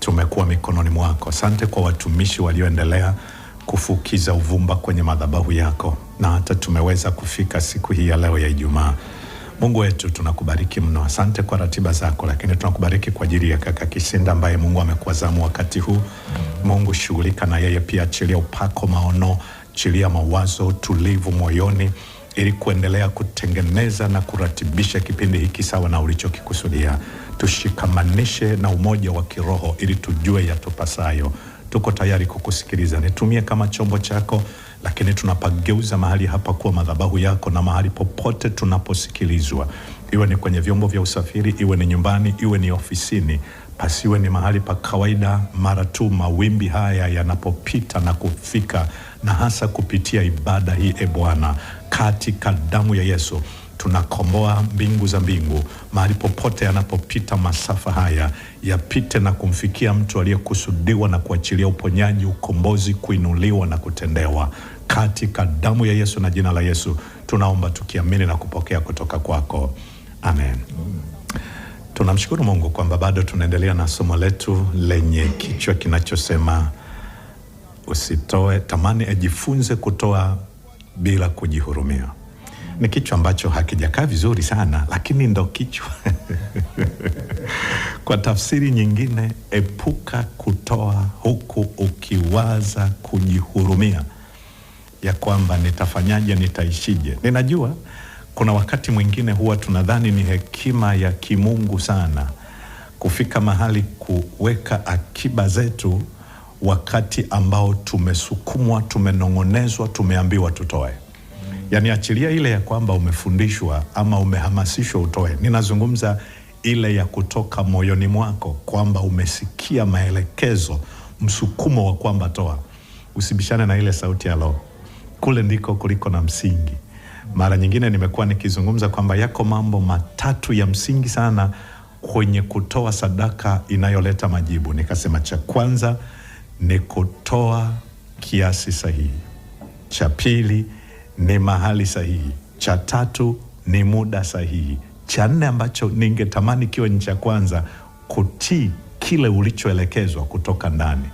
tumekuwa mikononi mwako. Asante kwa watumishi walioendelea kufukiza uvumba kwenye madhabahu yako, na hata tumeweza kufika siku hii ya leo ya Ijumaa. Mungu wetu tunakubariki mno, asante kwa ratiba zako, lakini tunakubariki kwa ajili ya kaka Kisinda ambaye Mungu amekuazamu wakati huu. Mungu shughulika na yeye pia, achilia upako, maono, chilia mawazo, tulivu moyoni ili kuendelea kutengeneza na kuratibisha kipindi hiki sawa na ulichokikusudia. Tushikamanishe na umoja wa kiroho ili tujue yatupasayo. Tuko tayari kukusikiliza. Nitumie kama chombo chako, lakini tunapageuza mahali hapa kuwa madhabahu yako, na mahali popote tunaposikilizwa, iwe ni kwenye vyombo vya usafiri, iwe ni nyumbani, iwe ni ofisini, pasiwe ni mahali pa kawaida. Mara tu mawimbi haya yanapopita na kufika, na hasa kupitia ibada hii, e Bwana, katika damu ya Yesu tunakomboa mbingu za mbingu, mahali popote yanapopita masafa haya yapite na kumfikia mtu aliyekusudiwa na kuachilia uponyaji, ukombozi, kuinuliwa na kutendewa katika damu ya Yesu na jina la Yesu tunaomba tukiamini na kupokea kutoka kwako, amen. Tunamshukuru Mungu kwamba bado tunaendelea na somo letu lenye kichwa kinachosema usitoe tamani, ajifunze kutoa bila kujihurumia. Ni kichwa ambacho hakijakaa vizuri sana, lakini ndo kichwa Kwa tafsiri nyingine, epuka kutoa huku ukiwaza kujihurumia, ya kwamba nitafanyaje, nitaishije. Ninajua kuna wakati mwingine huwa tunadhani ni hekima ya kimungu sana kufika mahali kuweka akiba zetu wakati ambao tumesukumwa, tumenong'onezwa, tumeambiwa tutoe. Yani achilia ile ya kwamba umefundishwa ama umehamasishwa utoe, ninazungumza ile ya kutoka moyoni mwako kwamba umesikia maelekezo, msukumo wa kwamba toa. Usibishane na ile sauti ya Roho, kule ndiko kuliko na msingi. Mara nyingine nimekuwa nikizungumza kwamba yako mambo matatu ya msingi sana kwenye kutoa sadaka inayoleta majibu. Nikasema cha kwanza ni kutoa kiasi sahihi, cha pili ni mahali sahihi, cha tatu ni muda sahihi, cha nne ambacho ningetamani kiwe ni cha kwanza, kutii kile ulichoelekezwa kutoka ndani.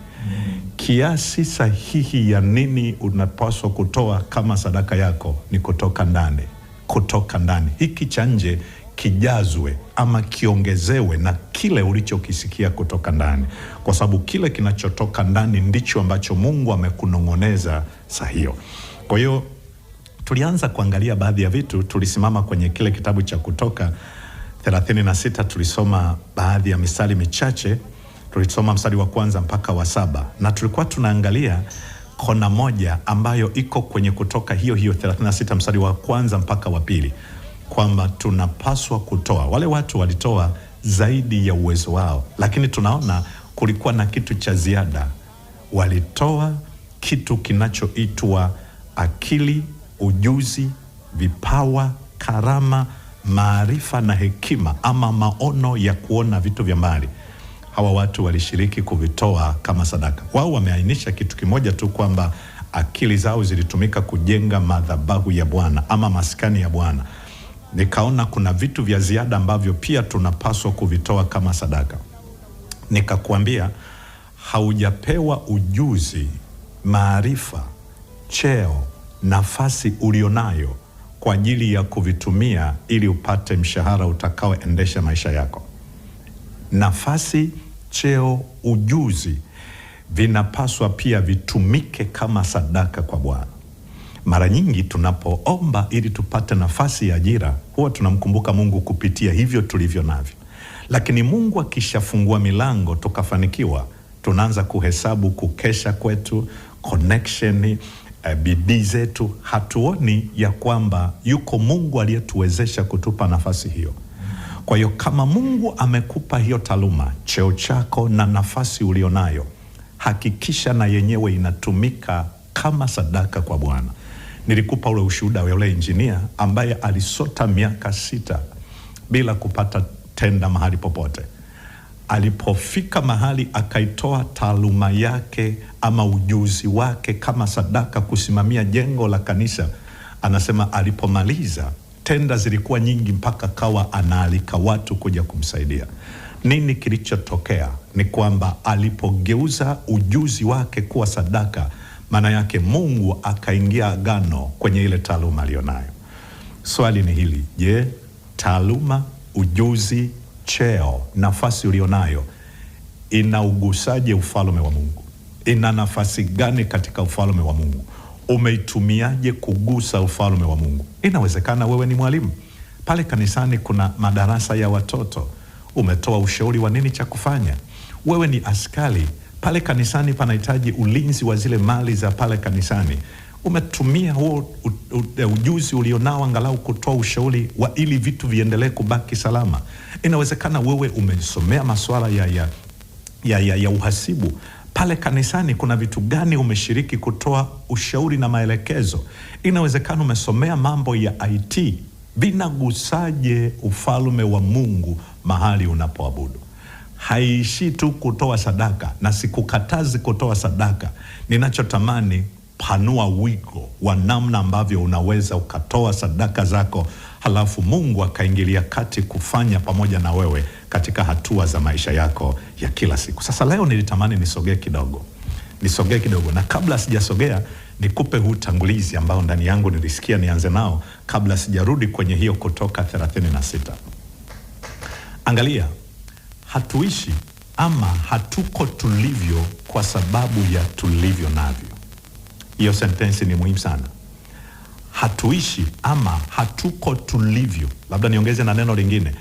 Kiasi sahihi ya nini unapaswa kutoa kama sadaka yako ni kutoka ndani, kutoka ndani. Hiki cha nje kijazwe ama kiongezewe na kile ulichokisikia kutoka ndani, kwa sababu kile kinachotoka ndani ndicho ambacho Mungu amekunong'oneza saa hiyo. Kwa hiyo tulianza kuangalia baadhi ya vitu, tulisimama kwenye kile kitabu cha Kutoka 36 tulisoma baadhi ya misali michache, tulisoma mstari wa kwanza mpaka wa saba na tulikuwa tunaangalia kona moja ambayo iko kwenye Kutoka hiyo hiyo 36 mstari wa kwanza mpaka wa pili kwamba tunapaswa kutoa. Wale watu walitoa zaidi ya uwezo wao, lakini tunaona kulikuwa na kitu cha ziada. Walitoa kitu kinachoitwa akili, ujuzi, vipawa, karama, maarifa na hekima, ama maono ya kuona vitu vya mbali. Hawa watu walishiriki kuvitoa kama sadaka. Wao wameainisha kitu kimoja tu kwamba akili zao zilitumika kujenga madhabahu ya Bwana ama maskani ya Bwana nikaona kuna vitu vya ziada ambavyo pia tunapaswa kuvitoa kama sadaka. Nikakuambia haujapewa ujuzi, maarifa, cheo, nafasi ulionayo kwa ajili ya kuvitumia ili upate mshahara utakaoendesha maisha yako. Nafasi, cheo, ujuzi vinapaswa pia vitumike kama sadaka kwa Bwana. Mara nyingi tunapoomba ili tupate nafasi ya ajira, huwa tunamkumbuka Mungu kupitia hivyo tulivyo navyo, lakini Mungu akishafungua milango tukafanikiwa, tunaanza kuhesabu kukesha kwetu, connection eh, bidii zetu, hatuoni ya kwamba yuko Mungu aliyetuwezesha kutupa nafasi hiyo. Kwa hiyo kama Mungu amekupa hiyo taaluma, cheo chako na nafasi ulionayo, hakikisha na yenyewe inatumika kama sadaka kwa Bwana. Nilikupa ule ushuhuda wa yule injinia ambaye alisota miaka sita bila kupata tenda mahali popote. Alipofika mahali akaitoa taaluma yake ama ujuzi wake kama sadaka kusimamia jengo la kanisa, anasema alipomaliza tenda zilikuwa nyingi mpaka kawa anaalika watu kuja kumsaidia. Nini kilichotokea ni kwamba alipogeuza ujuzi wake kuwa sadaka maana yake Mungu akaingia agano kwenye ile taaluma aliyonayo. Swali ni hili, je, taaluma, ujuzi, cheo, nafasi ulionayo inaugusaje ufalme wa Mungu? Ina nafasi gani katika ufalme wa Mungu? Umeitumiaje kugusa ufalme wa Mungu? Inawezekana wewe ni mwalimu pale kanisani, kuna madarasa ya watoto, umetoa ushauri wa nini cha kufanya. Wewe ni askari pale kanisani panahitaji ulinzi wa zile mali za pale kanisani. Umetumia huo e, ujuzi ulionao angalau kutoa ushauri wa ili vitu viendelee kubaki salama. Inawezekana wewe umesomea masuala ya, ya, ya, ya, ya uhasibu pale kanisani kuna vitu gani umeshiriki kutoa ushauri na maelekezo? Inawezekana umesomea mambo ya IT, vinagusaje ufalme wa Mungu mahali unapoabudu? haiishii tu kutoa sadaka, na sikukatazi kutoa sadaka. Ninachotamani, panua wigo wa namna ambavyo unaweza ukatoa sadaka zako, halafu Mungu akaingilia kati kufanya pamoja na wewe katika hatua za maisha yako ya kila siku. Sasa leo nilitamani nisogee kidogo, nisogee kidogo, na kabla sijasogea nikupe huu tangulizi ambao ndani yangu nilisikia nianze nao kabla sijarudi kwenye hiyo Kutoka 36. Angalia hatuishi ama hatuko tulivyo kwa sababu ya tulivyo navyo. Hiyo sentensi ni muhimu sana, hatuishi ama hatuko tulivyo. Labda niongeze na neno lingine,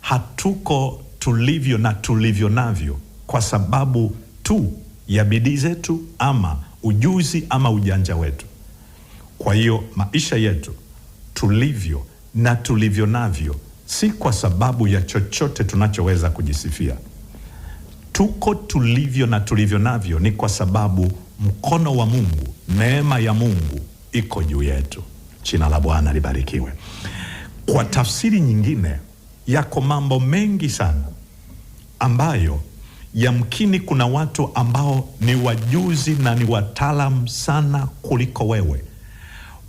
hatuko tulivyo na tulivyo navyo kwa sababu tu ya bidii zetu ama ujuzi ama ujanja wetu. Kwa hiyo maisha yetu tulivyo na tulivyo navyo si kwa sababu ya chochote tunachoweza kujisifia. Tuko tulivyo na tulivyo navyo ni kwa sababu mkono wa Mungu, neema ya Mungu iko juu yetu. Jina la Bwana libarikiwe. Kwa tafsiri nyingine, yako mambo mengi sana ambayo yamkini kuna watu ambao ni wajuzi na ni wataalamu sana kuliko wewe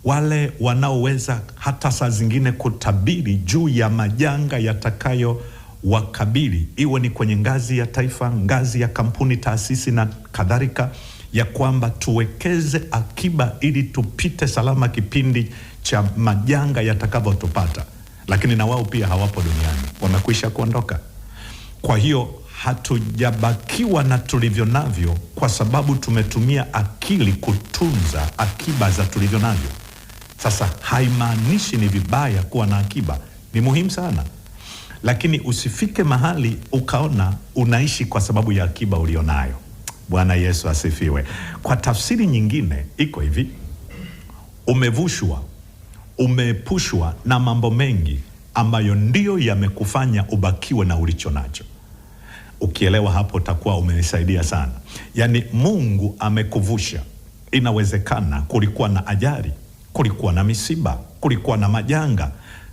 wale wanaoweza hata saa zingine kutabiri juu ya majanga yatakayowakabili, iwe ni kwenye ngazi ya taifa, ngazi ya kampuni, taasisi na kadhalika, ya kwamba tuwekeze akiba ili tupite salama kipindi cha majanga yatakavyotupata. Lakini na wao pia hawapo duniani, wamekwisha kuondoka. Kwa hiyo hatujabakiwa na tulivyo navyo, kwa sababu tumetumia akili kutunza akiba za tulivyo navyo. Sasa haimaanishi ni vibaya kuwa na akiba, ni muhimu sana, lakini usifike mahali ukaona unaishi kwa sababu ya akiba ulionayo. Bwana Yesu asifiwe. Kwa tafsiri nyingine iko hivi, umevushwa, umeepushwa na mambo mengi ambayo ndiyo yamekufanya ubakiwe na ulicho nacho. Ukielewa hapo utakuwa umenisaidia sana. Yaani Mungu amekuvusha. Inawezekana kulikuwa na ajali kulikuwa na misiba, kulikuwa na majanga.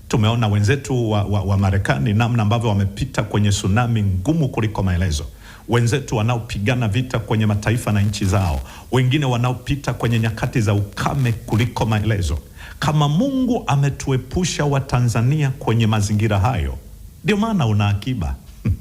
Tumeona wenzetu wa, wa, wa Marekani namna ambavyo wamepita kwenye tsunami ngumu kuliko maelezo, wenzetu wanaopigana vita kwenye mataifa na nchi zao, wengine wanaopita kwenye nyakati za ukame kuliko maelezo. Kama Mungu ametuepusha Watanzania kwenye mazingira hayo, ndio maana una akiba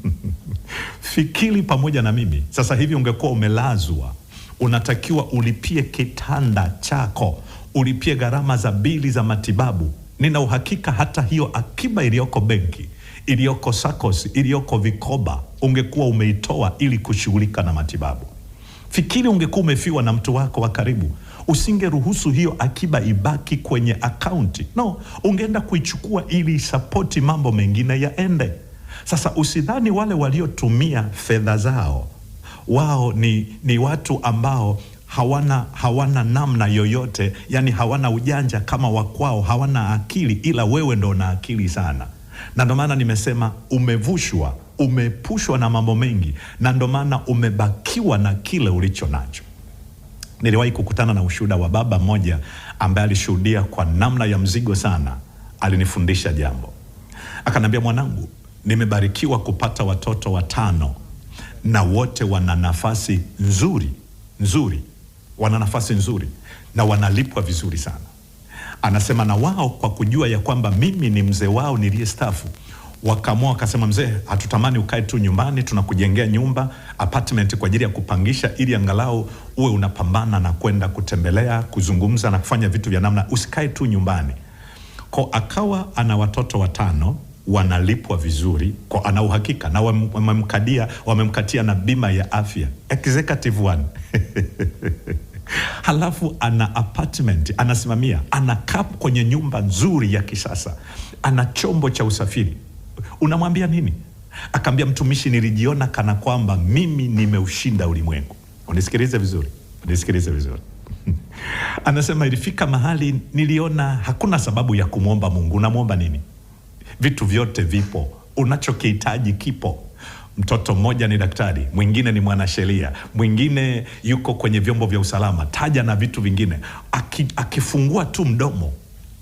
fikiri pamoja na mimi sasa hivi, ungekuwa umelazwa, unatakiwa ulipie kitanda chako ulipie gharama za bili za matibabu. Nina uhakika hata hiyo akiba iliyoko benki, iliyoko SACCOS, iliyoko vikoba ungekuwa umeitoa ili kushughulika na matibabu. Fikiri ungekuwa umefiwa na mtu wako wa karibu, usingeruhusu hiyo akiba ibaki kwenye akaunti. No, ungeenda kuichukua ili isapoti mambo mengine yaende. Sasa usidhani wale waliotumia fedha zao wao ni, ni watu ambao hawana, hawana namna yoyote, yani hawana ujanja kama wakwao, hawana akili, ila wewe ndo una akili sana, na ndo maana nimesema umevushwa, umepushwa na mambo mengi, na ndo maana umebakiwa na kile ulicho nacho. Niliwahi kukutana na ushuhuda wa baba mmoja ambaye alishuhudia kwa namna ya mzigo sana. Alinifundisha jambo, akaniambia, mwanangu, nimebarikiwa kupata watoto watano na wote wana nafasi nzuri nzuri wana nafasi nzuri na wanalipwa vizuri sana. Anasema na wao kwa kujua ya kwamba mimi ni mzee wao niliye stafu wakaamua wakasema, mzee, hatutamani ukae tu nyumbani, tunakujengea nyumba apartment kwa ajili ya kupangisha, ili angalau uwe unapambana na kwenda kutembelea, kuzungumza na kufanya vitu vya namna, usikae tu nyumbani. Kwa akawa ana watoto watano wanalipwa vizuri, kwa ana uhakika na wamemkadia, wamemkatia na bima ya afya executive one halafu ana apartment anasimamia, anakaa kwenye nyumba nzuri ya kisasa, ana chombo cha usafiri. Unamwambia nini? Akaambia mtumishi, nilijiona kana kwamba mimi nimeushinda ulimwengu. Unisikilize vizuri, unisikilize vizuri. Anasema ilifika mahali niliona hakuna sababu ya kumwomba Mungu. Unamwomba nini? Vitu vyote vipo, unachokihitaji kipo mtoto mmoja ni daktari, mwingine ni mwanasheria, mwingine yuko kwenye vyombo vya usalama, taja na vitu vingine. Aki, akifungua tu mdomo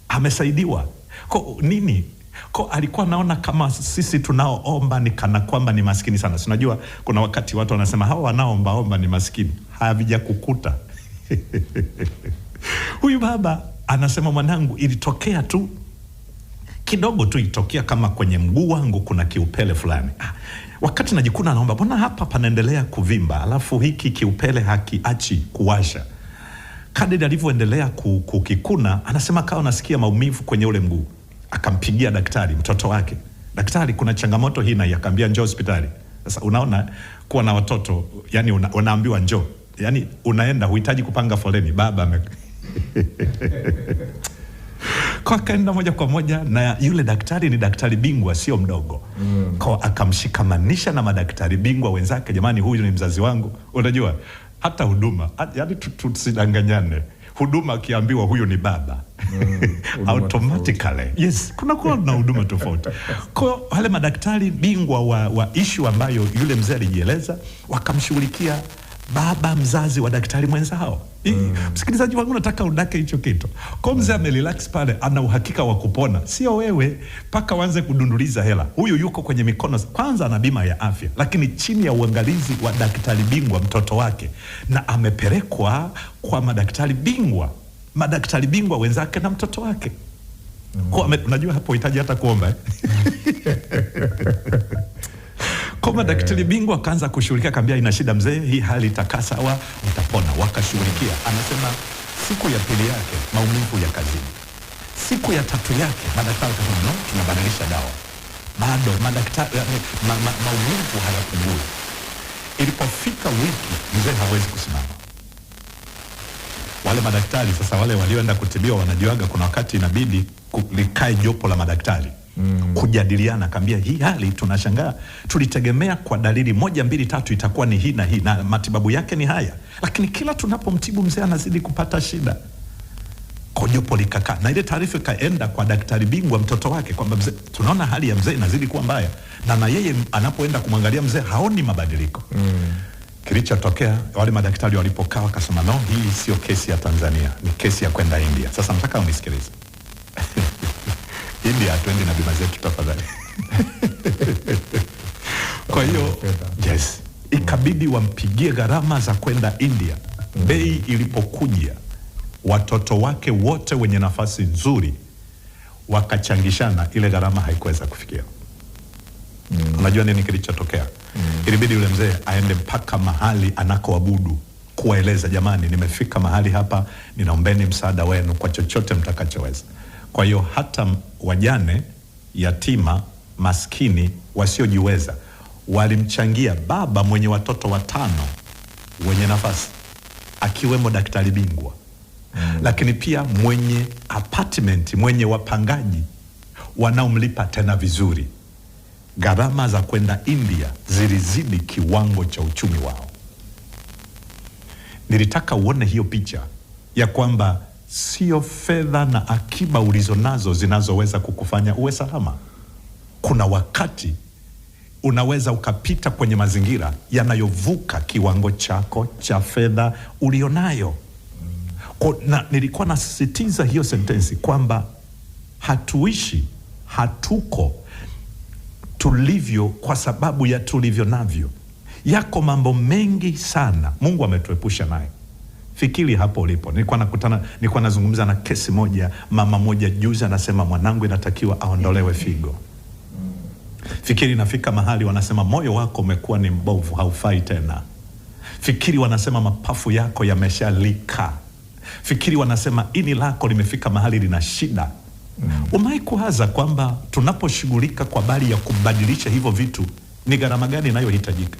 amesaidiwa ko nini ko alikuwa naona kama sisi tunaoomba ni kana kwamba ni maskini sana. Sinajua kuna wakati watu wanasema hawa wanaombaomba ni maskini, havijakukuta huyu baba anasema mwanangu, ilitokea tu kidogo tu, ilitokea kama kwenye mguu wangu kuna kiupele fulani. Ah, wakati najikuna naomba, mbona hapa panaendelea kuvimba, alafu hiki kiupele hakiachi kuwasha. Kadiri alivyoendelea kukikuna, anasema kawa nasikia maumivu kwenye ule mguu. Akampigia daktari mtoto wake, daktari, kuna changamoto hii, na akaambia njoo hospitali. Sasa unaona kuwa na watoto yani, una, unaambiwa njoo, yani unaenda, huhitaji kupanga foleni, baba ame akaenda moja kwa moja na yule daktari, ni daktari bingwa, sio mdogo mm. Kwa akamshikamanisha na madaktari bingwa wenzake, jamani, huyu ni mzazi wangu. Unajua hata huduma, yaani tusidanganyane huduma akiambiwa huyu ni baba mm, automatically yes, kuwa na huduma tofauti. Kwa wale madaktari bingwa wa, wa ishu ambayo yule mzee alijieleza wakamshughulikia baba mzazi wa daktari mwenzao. Mm. Msikilizaji wangu, nataka udake hicho kitu ko mzee mm. amerelax pale, ana uhakika wa kupona, sio wewe mpaka wanze kudunduliza hela. Huyu yuko kwenye mikono kwanza, ana bima ya afya, lakini chini ya uangalizi wa daktari bingwa mtoto wake, na amepelekwa kwa madaktari bingwa, madaktari bingwa wenzake na mtoto wake. Mm. Kwa, unajua hapo hitaji hata kuomba eh? Mm. Koma eh. daktari bingwa akaanza kushughulikia akaambia ina shida mzee, hii hali itakaa sawa, utapona. Wakashughulikia, anasema siku ya pili yake maumivu ya kazini, siku ya tatu yake madaktari wakasema no, tunabadilisha dawa, bado madaktari eh, ma, ma, maumivu hayapungui. Ilipofika wiki, mzee hawezi kusimama. Wale madaktari sasa, wale walioenda kutibiwa wanajuaga kuna wakati inabidi likae jopo la madaktari mm. kujadiliana, akaambia hii hali tunashangaa, tulitegemea kwa dalili moja mbili tatu itakuwa ni hii na hii na matibabu yake ni haya, lakini kila tunapomtibu mzee anazidi kupata shida. Jopo likakaa na ile taarifa ikaenda kwa daktari bingwa mtoto wake kwamba mzee, tunaona hali ya mzee inazidi kuwa mbaya, na na yeye anapoenda kumwangalia mzee haoni mabadiliko mm. Kilichotokea, wale madaktari walipokaa wakasema, no, hii sio kesi ya Tanzania, ni kesi ya kwenda India. Sasa nataka unisikilize India ah, twende na bima zetu tafadhali. Kwa hiyo yes, ikabidi wampigie gharama za kwenda India. Bei ilipokuja, watoto wake wote wenye nafasi nzuri wakachangishana, ile gharama haikuweza kufikia. Mm. Unajua nini kilichotokea? Mm. Ilibidi yule mzee aende mpaka mahali anakoabudu kuwaeleza, jamani, nimefika mahali hapa, ninaombeni msaada wenu kwa chochote mtakachoweza. Kwa hiyo hata wajane, yatima, maskini, wasiojiweza walimchangia baba mwenye watoto watano wenye nafasi akiwemo daktari bingwa mm. Lakini pia mwenye apartment, mwenye wapangaji wanaomlipa tena vizuri. Gharama za kwenda India zilizidi kiwango cha uchumi wao. Nilitaka uone hiyo picha ya kwamba sio fedha na akiba ulizo nazo zinazoweza kukufanya uwe salama. Kuna wakati unaweza ukapita kwenye mazingira yanayovuka kiwango chako cha fedha ulionayo. Na nilikuwa nasisitiza hiyo sentensi kwamba hatuishi, hatuko tulivyo kwa sababu ya tulivyo navyo. Yako mambo mengi sana Mungu ametuepusha naye Fikiri hapo ulipo. Nilikuwa nakutana, nilikuwa nazungumza na kesi moja, mama moja juzi, anasema mwanangu inatakiwa aondolewe figo. Fikiri inafika mahali wanasema moyo wako umekuwa ni mbovu, haufai tena. Fikiri wanasema mapafu yako yameshalika. Fikiri wanasema ini lako limefika mahali lina shida. Umai kuwaza kwamba tunaposhughulika kwa bali ya kubadilisha hivyo vitu, ni gharama gani inayohitajika?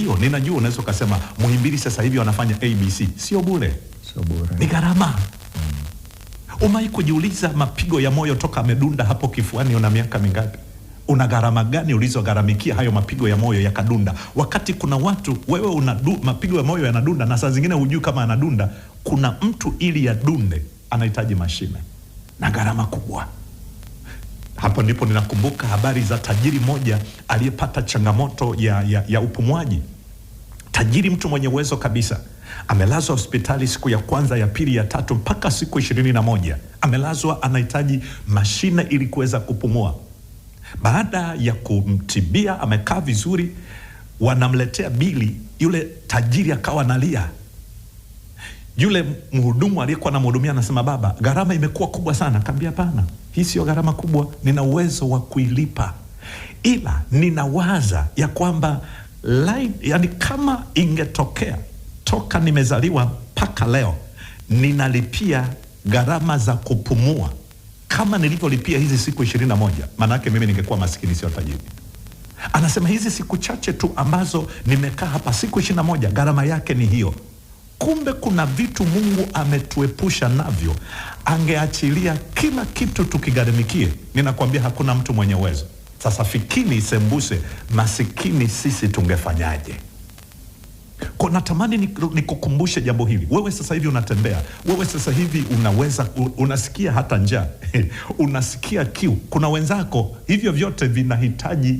Ndio, ninajua unaweza ukasema Muhimbili sasa hivi wanafanya ABC. Sio bure, sio bure, ni gharama mm. Umai kujiuliza mapigo ya moyo toka amedunda hapo kifuani, una miaka mingapi? Una gharama gani ulizogharamikia hayo mapigo ya moyo yakadunda? Wakati kuna watu wewe una mapigo ya moyo yanadunda na saa zingine hujui kama anadunda. Kuna mtu ili yadunde anahitaji mashine na gharama kubwa. Hapo ndipo ninakumbuka habari za tajiri moja aliyepata changamoto ya, ya, ya upumuaji. Tajiri, mtu mwenye uwezo kabisa, amelazwa hospitali siku ya kwanza, ya pili, ya tatu mpaka siku ishirini na moja amelazwa, anahitaji mashine ili kuweza kupumua. Baada ya kumtibia, amekaa vizuri, wanamletea bili. Yule tajiri akawa nalia yule mhudumu aliyekuwa anamhudumia anasema, baba, gharama imekuwa kubwa sana. Kaambia, hapana, hii sio gharama kubwa, nina uwezo wa kuilipa, ila ninawaza ya kwamba line, yani kama ingetokea toka nimezaliwa mpaka leo ninalipia gharama za kupumua kama nilivyolipia hizi siku ishirini na moja, maana mimi ningekuwa masikini sio tajiri. Anasema hizi siku chache tu ambazo nimekaa hapa, siku ishirini na moja, gharama yake ni hiyo. Kumbe kuna vitu Mungu ametuepusha navyo, angeachilia kila kitu tukigharimikie. Ninakwambia hakuna mtu mwenye uwezo. Sasa fikini isembuse, masikini sisi tungefanyaje? Kwa natamani nikukumbushe ni jambo hili. Wewe sasa hivi unatembea, wewe sasa hivi unaweza unasikia hata njaa unasikia kiu, kuna wenzako, hivyo vyote vinahitaji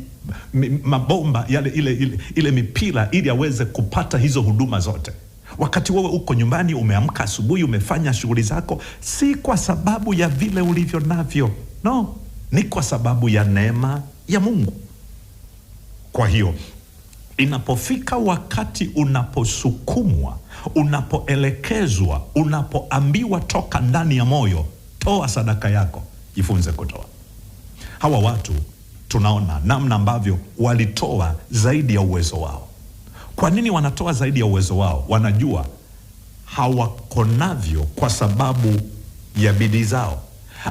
mabomba yale, ile, ile, ile mipira ili aweze kupata hizo huduma zote. Wakati wewe uko nyumbani, umeamka asubuhi, umefanya shughuli zako, si kwa sababu ya vile ulivyo navyo, no, ni kwa sababu ya neema ya Mungu. Kwa hiyo inapofika wakati unaposukumwa, unapoelekezwa, unapoambiwa toka ndani ya moyo, toa sadaka yako, jifunze kutoa. Hawa watu tunaona namna ambavyo walitoa zaidi ya uwezo wao. Kwa nini wanatoa zaidi ya uwezo wao? Wanajua hawakonavyo kwa sababu ya bidii zao,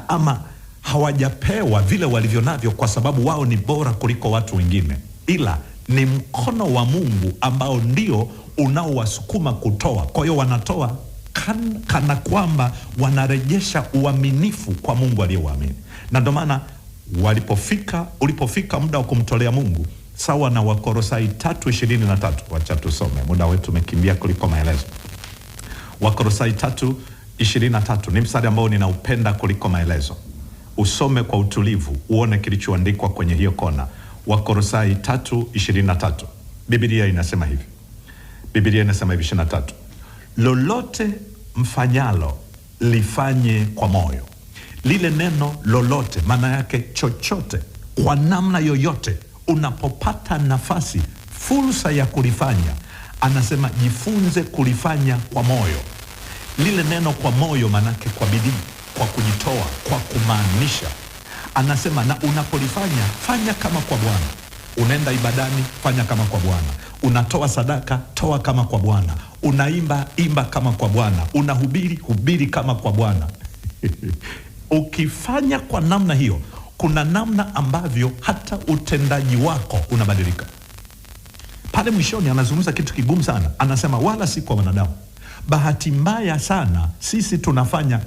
ama hawajapewa vile walivyo navyo kwa sababu wao ni bora kuliko watu wengine, ila ni mkono wa Mungu ambao ndio unaowasukuma kutoa. Kwa hiyo wanatoa kan, kana kwamba wanarejesha uaminifu kwa Mungu aliyewaamini, na ndio maana walipofika, ulipofika muda wa kumtolea Mungu sawa na Wakorosai tatu ishirini na tatu. Wacha tusome, muda wetu umekimbia kuliko maelezo. Wakorosai tatu ishirini na tatu ni mstari ambao ninaupenda kuliko maelezo. Usome kwa utulivu, uone kilichoandikwa kwenye hiyo kona. Wakorosai tatu ishirini na tatu Biblia inasema hivi, Biblia inasema hivi ishirini na tatu lolote mfanyalo lifanye kwa moyo. Lile neno lolote maana yake chochote, kwa namna yoyote unapopata nafasi, fursa ya kulifanya, anasema jifunze kulifanya kwa moyo. Lile neno kwa moyo manake kwa bidii, kwa kujitoa, kwa kumaanisha. Anasema na unapolifanya fanya kama kwa Bwana. Unaenda ibadani, fanya kama kwa Bwana. Unatoa sadaka, toa kama kwa Bwana. Unaimba, imba kama kwa Bwana. Unahubiri, hubiri kama kwa Bwana. Ukifanya kwa namna hiyo kuna namna ambavyo hata utendaji wako unabadilika. Pale mwishoni anazungumza kitu kigumu sana, anasema wala si kwa wanadamu. Bahati mbaya sana sisi tunafanya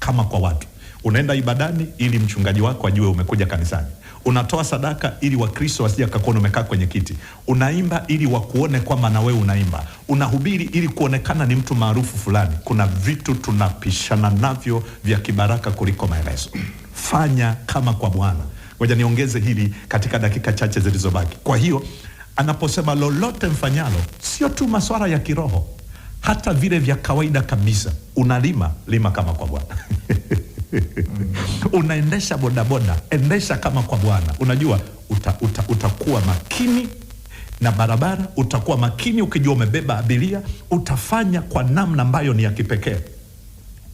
kama kwa watu. Unaenda ibadani ili mchungaji wako ajue umekuja kanisani, unatoa sadaka ili Wakristo wasije kakuona umekaa kwenye kiti, unaimba ili wakuone kwamba na wewe unaimba, unahubiri ili kuonekana ni mtu maarufu fulani. Kuna vitu tunapishana navyo vya kibaraka kuliko maelezo fanya kama kwa Bwana. Ngoja niongeze hili katika dakika chache zilizobaki. Kwa hiyo anaposema lolote mfanyalo, sio tu masuala ya kiroho, hata vile vya kawaida kabisa. Unalima, lima kama kwa Bwana. Unaendesha bodaboda, endesha kama kwa Bwana. Unajua uta, uta, utakuwa makini na barabara, utakuwa makini ukijua umebeba abiria, utafanya kwa namna ambayo ni ya kipekee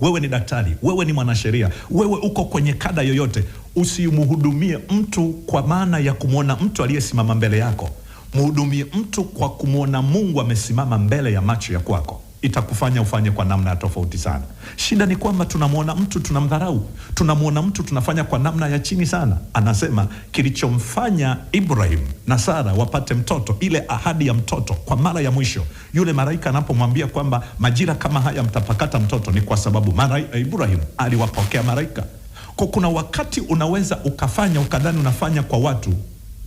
wewe ni daktari, wewe ni mwanasheria, wewe uko kwenye kada yoyote, usimhudumie mtu kwa maana ya kumwona mtu aliyesimama mbele yako. Mhudumie mtu kwa kumwona Mungu amesimama mbele ya macho ya kwako itakufanya ufanye kwa namna ya tofauti sana. Shida ni kwamba tunamwona mtu tunamdharau, tunamwona mtu tunafanya kwa namna ya chini sana. Anasema kilichomfanya Ibrahim na Sara wapate mtoto, ile ahadi ya mtoto kwa mara ya mwisho, yule malaika anapomwambia kwamba majira kama haya mtapakata mtoto, ni kwa sababu mara Ibrahim aliwapokea malaika. Kwa kuna wakati unaweza ukafanya ukadhani unafanya kwa watu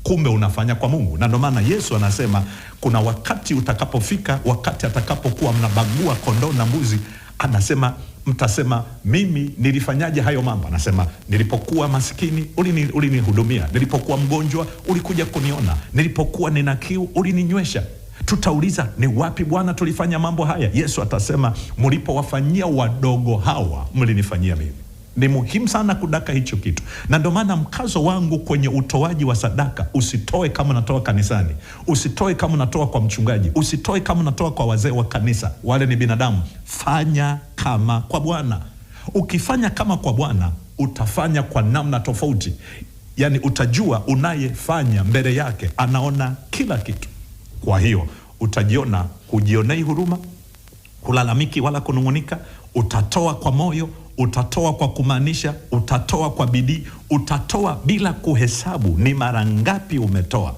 kumbe unafanya kwa Mungu. Na ndio maana Yesu anasema kuna wakati utakapofika, wakati atakapokuwa mnabagua kondoo na mbuzi, anasema mtasema mimi nilifanyaje hayo mambo? Anasema nilipokuwa masikini ulinihudumia, ulini nilipokuwa mgonjwa ulikuja kuniona, nilipokuwa nina kiu ulininywesha. Tutauliza, ni wapi Bwana tulifanya mambo haya? Yesu atasema mlipowafanyia wadogo hawa mlinifanyia mimi. Ni muhimu sana kudaka hicho kitu, na ndio maana mkazo wangu kwenye utoaji wa sadaka, usitoe kama unatoa kanisani, usitoe kama unatoa kwa mchungaji, usitoe kama unatoa kwa wazee wa kanisa. Wale ni binadamu, fanya kama kwa Bwana. Ukifanya kama kwa Bwana utafanya kwa namna tofauti, yani utajua unayefanya mbele yake anaona kila kitu. Kwa hiyo utajiona hujionei huruma, kulalamiki wala kunung'unika, utatoa kwa moyo utatoa kwa kumaanisha, utatoa kwa bidii, utatoa bila kuhesabu ni mara ngapi umetoa.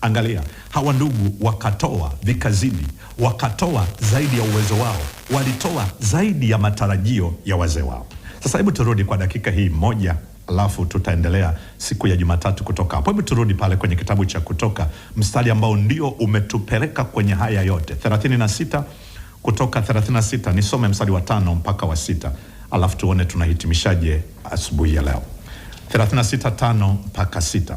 Angalia, hawa ndugu wakatoa vikazidi, wakatoa zaidi ya uwezo wao, walitoa zaidi ya matarajio ya wazee wao. Sasa hebu turudi kwa dakika hii moja, alafu tutaendelea siku ya Jumatatu kutoka hapo. Hebu turudi pale kwenye kitabu cha Kutoka, mstari ambao ndio umetupeleka kwenye haya yote, 36 Kutoka 36, nisome mstari wa tano mpaka wa sita alafu tuone tunahitimishaje asubuhi ya leo. 36:5 mpaka 6,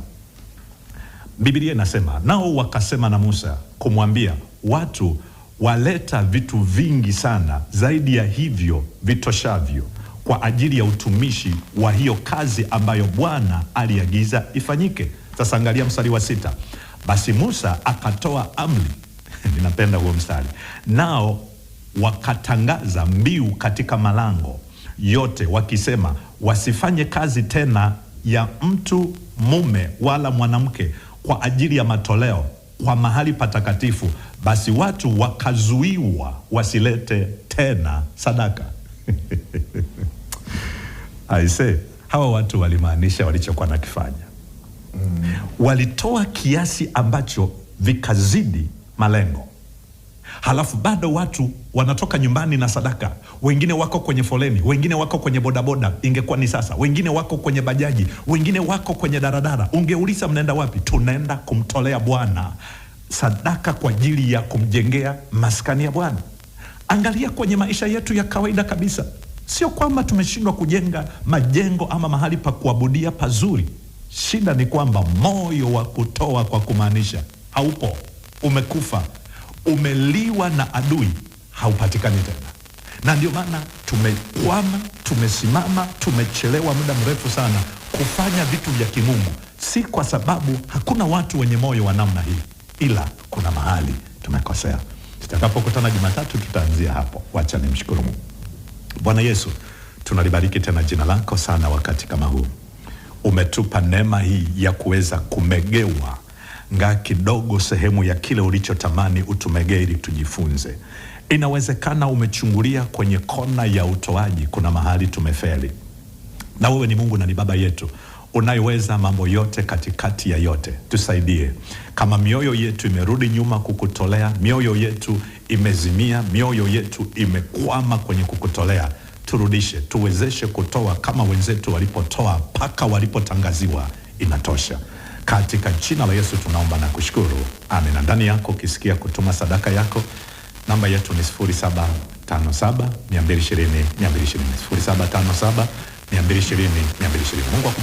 Biblia inasema nao wakasema na Musa kumwambia watu waleta vitu vingi sana zaidi ya hivyo vitoshavyo kwa ajili ya utumishi wa hiyo kazi ambayo Bwana aliagiza ifanyike. Sasa angalia mstari wa sita. Basi Musa akatoa amri ninapenda huo mstari, nao wakatangaza mbiu katika malango yote wakisema, wasifanye kazi tena ya mtu mume wala mwanamke kwa ajili ya matoleo kwa mahali patakatifu, basi watu wakazuiwa wasilete tena sadaka. Aise, hawa watu walimaanisha walichokuwa nakifanya. Mm. Walitoa kiasi ambacho vikazidi malengo halafu bado watu wanatoka nyumbani na sadaka, wengine wako kwenye foleni, wengine wako kwenye bodaboda, ingekuwa ni sasa, wengine wako kwenye bajaji, wengine wako kwenye daradara. Ungeuliza mnaenda wapi? Tunaenda kumtolea Bwana sadaka kwa ajili ya kumjengea maskani ya Bwana. Angalia kwenye maisha yetu ya kawaida kabisa, sio kwamba tumeshindwa kujenga majengo ama mahali pa kuabudia pazuri. Shida ni kwamba moyo wa kutoa kwa kumaanisha haupo, umekufa umeliwa na adui haupatikani tena, na ndio maana tumekwama, tumesimama, tumechelewa muda mrefu sana kufanya vitu vya kimungu, si kwa sababu hakuna watu wenye moyo wa namna hii, ila kuna mahali tumekosea. Tutakapokutana Jumatatu tutaanzia hapo. Wacha nimshukuru Mungu. Bwana Yesu, tunalibariki tena jina lako sana wakati kama huu. Umetupa neema hii ya kuweza kumegewa ngaa kidogo sehemu ya kile ulichotamani utumegee ili tujifunze. Inawezekana umechungulia kwenye kona ya utoaji, kuna mahali tumefeli, na wewe ni Mungu na ni Baba yetu unayeweza mambo yote katikati ya yote, tusaidie. Kama mioyo yetu imerudi nyuma kukutolea, mioyo yetu imezimia, mioyo yetu imekwama kwenye kukutolea, turudishe, tuwezeshe kutoa kama wenzetu walipotoa mpaka walipotangaziwa inatosha. Katika jina la Yesu tunaomba na kushukuru, amen. Na ndani yako ukisikia kutuma sadaka yako, namba yetu ni 0757 220 220 0757 220 220. Mungu akubariki.